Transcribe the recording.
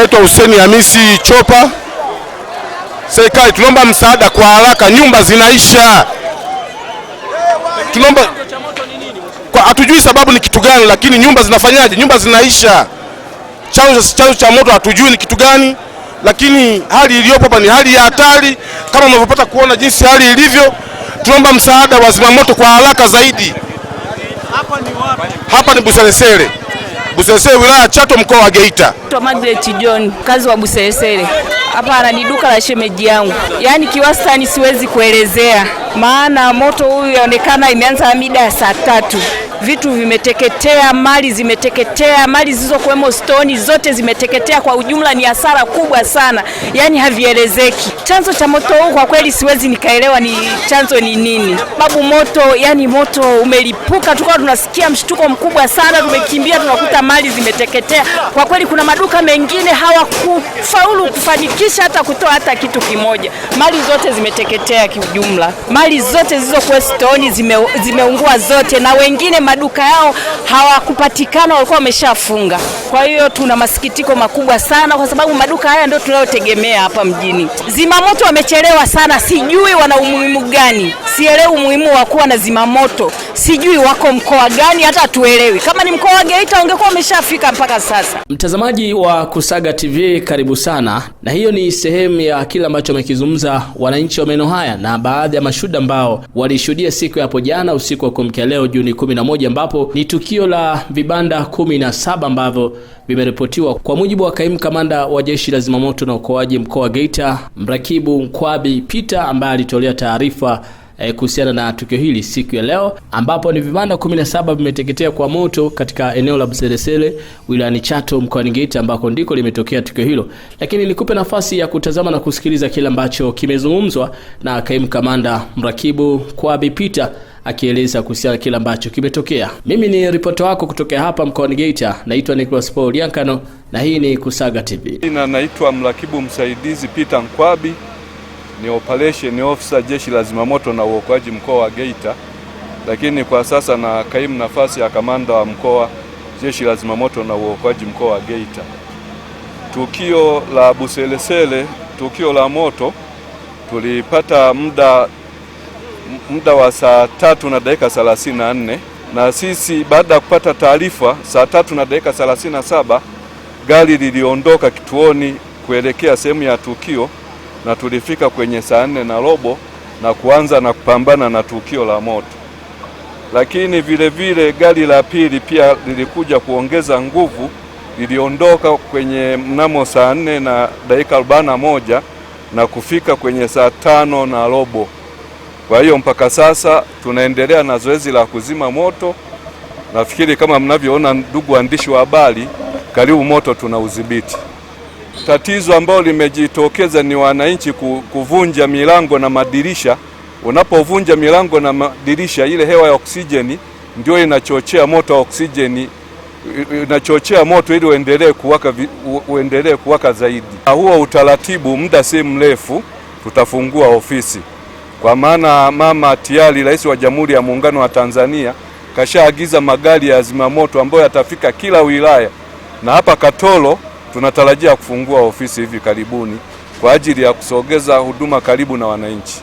naitwa Hussein Hamisi Chopa. Serikali tunaomba msaada kwa haraka, nyumba zinaisha. Tunaomba kwa, hatujui sababu ni kitu gani, lakini nyumba zinafanyaje? Nyumba zinaisha. Chanzo cha moto hatujui ni kitu gani, lakini hali iliyopo hapa ni hali ya hatari, kama unavyopata kuona jinsi hali ilivyo. Tunaomba msaada wa zimamoto kwa haraka zaidi. Hapa ni wapi? Hapa ni Buseresere. Buselesele wilaya Chato mkoa wa Geita. Margaret John mkazi wa Buselesele. Hapana, ni duka la shemeji yangu, yaani kiwastani siwezi kuelezea, maana moto huyu yaonekana imeanza mida ya saa tatu vitu vimeteketea, mali zimeteketea, mali zilizokuwemo stoni zote zimeteketea. Kwa ujumla ni hasara kubwa sana, yani havielezeki. Chanzo cha moto huu kwa kweli siwezi nikaelewa ni chanzo ni nini, sababu moto yani moto umelipuka, tukawa tunasikia mshtuko mkubwa sana, tumekimbia tunakuta mali zimeteketea. Kwa kweli kuna maduka mengine hawakufaulu kufanikisha hata kutoa hata kitu kimoja, mali zote zimeteketea kiujumla, mali zote zilizokuwa stoni zime, zimeungua zote na wengine maduka yao hawakupatikana, walikuwa wameshafunga. Kwa hiyo tuna masikitiko makubwa sana, kwa sababu maduka haya ndio tunayotegemea hapa mjini. Zimamoto wamechelewa sana, sijui wana umuhimu gani sielewi umuhimu wa kuwa na zimamoto, sijui wako mkoa gani, hata hatuelewi. Kama ni mkoa wa Geita ungekuwa umeshafika mpaka sasa. Mtazamaji wa Kusaga TV, karibu sana, na hiyo ni sehemu ya kile ambacho wamekizungumza wananchi wa maeneo haya na baadhi ya mashuhuda ambao walishuhudia siku ya hapo jana usiku wa kuamkia leo Juni 11, ambapo ni tukio la vibanda 17 ambavyo vimeripotiwa kwa mujibu wa kaimu kamanda wa jeshi la zimamoto na uokoaji mkoa wa Geita, mrakibu Mkwabi Peter ambaye alitolea taarifa eh, kuhusiana na tukio hili siku ya leo, ambapo ni vibanda 17 vimeteketea kwa moto katika eneo la Buseresere wilayani Chato mkoani Geita, ambako ndiko limetokea tukio hilo. Lakini nikupe nafasi ya kutazama na kusikiliza kile ambacho kimezungumzwa na kaimu kamanda mrakibu Kwabi Peter akieleza kuhusiana kile ambacho kimetokea. Mimi ni ripoto wako kutokea hapa mkoani Geita, naitwa Nicholas Paul Yankano na hii ni Kusaga TV. Na naitwa mrakibu msaidizi Peter Nkwabi ni operation officer jeshi la zimamoto na uokoaji mkoa wa Geita, lakini kwa sasa na kaimu nafasi ya kamanda wa mkoa jeshi la zimamoto na uokoaji mkoa wa Geita. Tukio la Buselesele, tukio la moto tulipata muda muda wa saa tatu na dakika 34 na sisi baada ya kupata taarifa saa tatu na dakika saba gari liliondoka kituoni kuelekea sehemu ya tukio na tulifika kwenye saa nne na robo na kuanza na kupambana na tukio la moto, lakini vile vile gari la pili pia lilikuja kuongeza nguvu, liliondoka kwenye mnamo saa nne na dakika arobaini na moja na kufika kwenye saa tano na robo. Kwa hiyo mpaka sasa tunaendelea na zoezi la kuzima moto. Nafikiri kama mnavyoona, ndugu waandishi wa habari, karibu moto tuna udhibiti tatizo ambalo limejitokeza ni wananchi kuvunja milango na madirisha. Unapovunja milango na madirisha, ile hewa ya oksijeni ndio inachochea moto wa oksijeni inachochea moto ili uendelee kuwaka, uendelee kuwaka zaidi. Huo utaratibu muda si mrefu tutafungua ofisi, kwa maana mama tayari Rais wa Jamhuri ya Muungano wa Tanzania kashaagiza magari ya zimamoto ambayo yatafika kila wilaya na hapa Katoro Tunatarajia kufungua ofisi hivi karibuni kwa ajili ya kusogeza huduma karibu na wananchi.